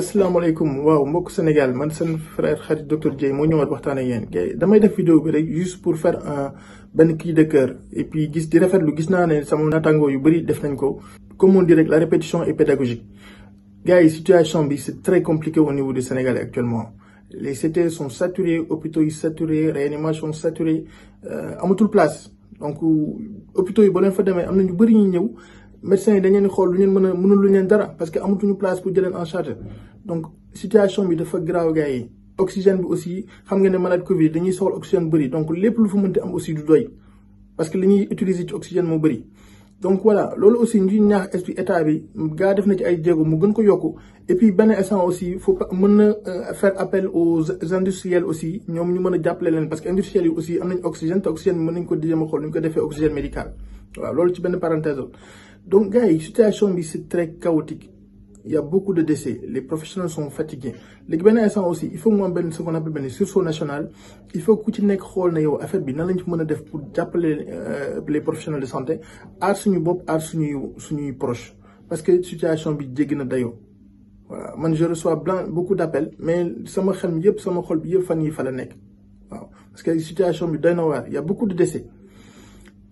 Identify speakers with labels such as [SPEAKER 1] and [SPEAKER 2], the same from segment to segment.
[SPEAKER 1] je waaw mbokk Sénégal man le frère xarit docteur Dieye moo ñëwaat waxtaan ak yéen gars damay def vidéo bi rek juste pour faire un benn de cœur et puis gis di rafetlu gis naa ne sama que yu bari def nañ ko comme on dirait la répétition est pédagogique gars yi situation bi c'est très compliqué au niveau du Sénégal actuellement les CT sont saturés hôpitaux yi saturés réanimation saturée euh, amatul place donc hôpitaux yi boo leen fa demee am na ñu bëri ñu ñëw médecins yi dañ leen xool lu ñeen mën a mënul lu ñeen dara parce que amatuñu place pour jëleen en charge donc situation bi dafa graaw gars yi oxygène bi aussi xam nga ne malade Covid dañuy soxla oxygène bëri donc lépp lu fa mënti am aussi du doy parce que li ñuy utiliser ci oxygène moo bëri. donc voilà loolu aussi ñuy ñaax esprit état bi gaa def na ci ay jéego mu gën ko yokku et puis benn instant aussi faut mën na euh, faire appel aux industriels aussi ñoom ñu mën a jàppale leen parce que industriels yi aussi am nañ oxygène te oxygène bi mën nañ ko di jéem xool ñu ko defee oxygène médical. Voilà, loolu ci ben parenthèse donc gars situation bi c'est très chaotique il y a beaucoup de décès les professionnels sont fatigués Les benn instant aussi il faut moins am ce qu'on appelle benn sursaut national il faut que ci nekk xool na yow affaire bi nan lañ pour appeler euh, les professionnels de santé aar suñu bopp aar suñuy suñuy proche parce que situation bi jéggi na voilà man je reçois beaucoup d'appels mais sama xel mi yëpp sama xol bi yëpp yi fa la parce que situation bi doy na il y a beaucoup de décès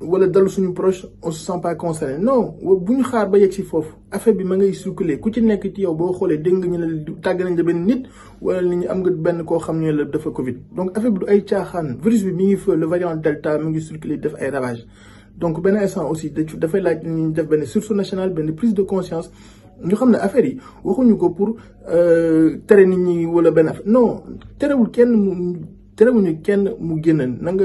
[SPEAKER 1] wala dalu suñu proche on se sent pas concerné non buñu xaar ba yegg si foofu affaire bi ma ngay circuler ku ci nekk ci yow boo xoolee dégg nga ñu ne tàgg nañ la benn nit wala nit ñi am nga benn koo xam ne la dafa Covid donc affaire bi du ay caaxaan virus bi mi ngi fa le variant delta mi ngi circuler def ay ravages donc benn instant aussi dafay laaj ñu def benn sursaut national benn prise de conscience ñu xam ne affaire yi waxuñu ko pour euh, tere nit ñi wala benn affaire non terewul kenn mu terewuñu kenn mu génn na nga.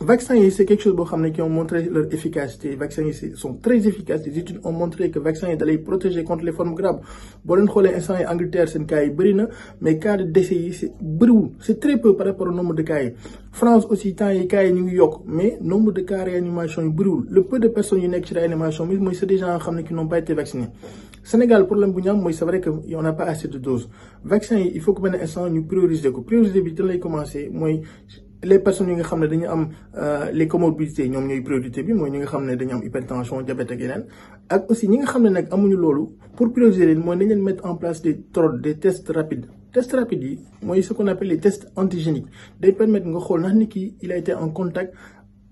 [SPEAKER 1] vaccins c'est quelque chose qui ont montré leur efficacité vaccins sont très efficaces les études ont montré que vaccins est allé protéger contre les formes graves on leen les en Angleterre c'est cas caille brune, Mais mais cas de décès c'est brûle. c'est très peu par rapport au nombre de cas France aussi y les cas yi New ngi Mais mais nombre de cas réanimation est le peu de personnes qui nekk réanimation mais c'est des gens qui n'ont pas été vaccinés Sénégal problème bu c'est vrai que on n'a pas assez de doses vaccins il faut que ben instant ñu prioriser ko prioriser bi commencer les personnes qui ont des dañu am euh, les comorbidités qui ont priorité bi ont ñi nga hypertension diabète ak aussi ñi nga des ne pour prioriser leen ont mettre en place des tests rapides tests rapides sont ce qu'on appelle les tests antigéniques Ils permettent de voir s'il il a été en contact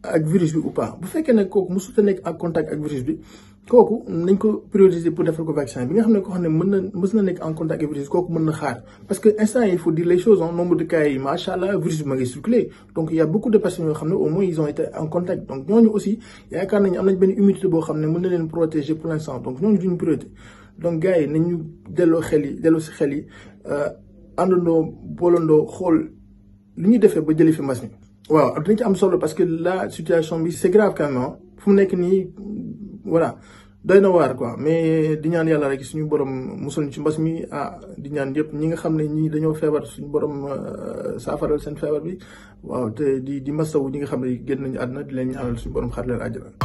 [SPEAKER 1] avec le virus ou pas Vous faites nag kooku en contact avec le virus koku nagn ko prioriser pour defal ko vaccin bi nga xam ko koo xam na mës na en contact avec virus koku mën na xaar parce que instant il faut dire les choses en hein. nombre de cas ma macha allah virus bi ma ngi circuler donc il y a beaucoup de personnes yo xam au moins ils ont été en contact donc ñooñu aussi yaakaar nañu am nañ benn humidité boo xam ne mën na len protéger pour l'instant donc ñooñu d'une priorité donc gars yi nañu delloo xel yi delloo si xel yi euh, àndandoo xol li ñu défé ba jëlee fi mbas waaw dina ci am solo parce que la situation bi c'est grave quand même hein. fu nek ni voilà doy na waar quoi mais di ñaan yàlla rek suñu borom musal ñu ci mbas mi ah di ñaan yëpp ñi nga xam ne ñii dañoo feebar suñu borom euh, saafaral seen feebar bi waaw te di di masawu ñi nga xam ne génn nañu àdduna di leen ñaanal suñu borom xar leen àjjana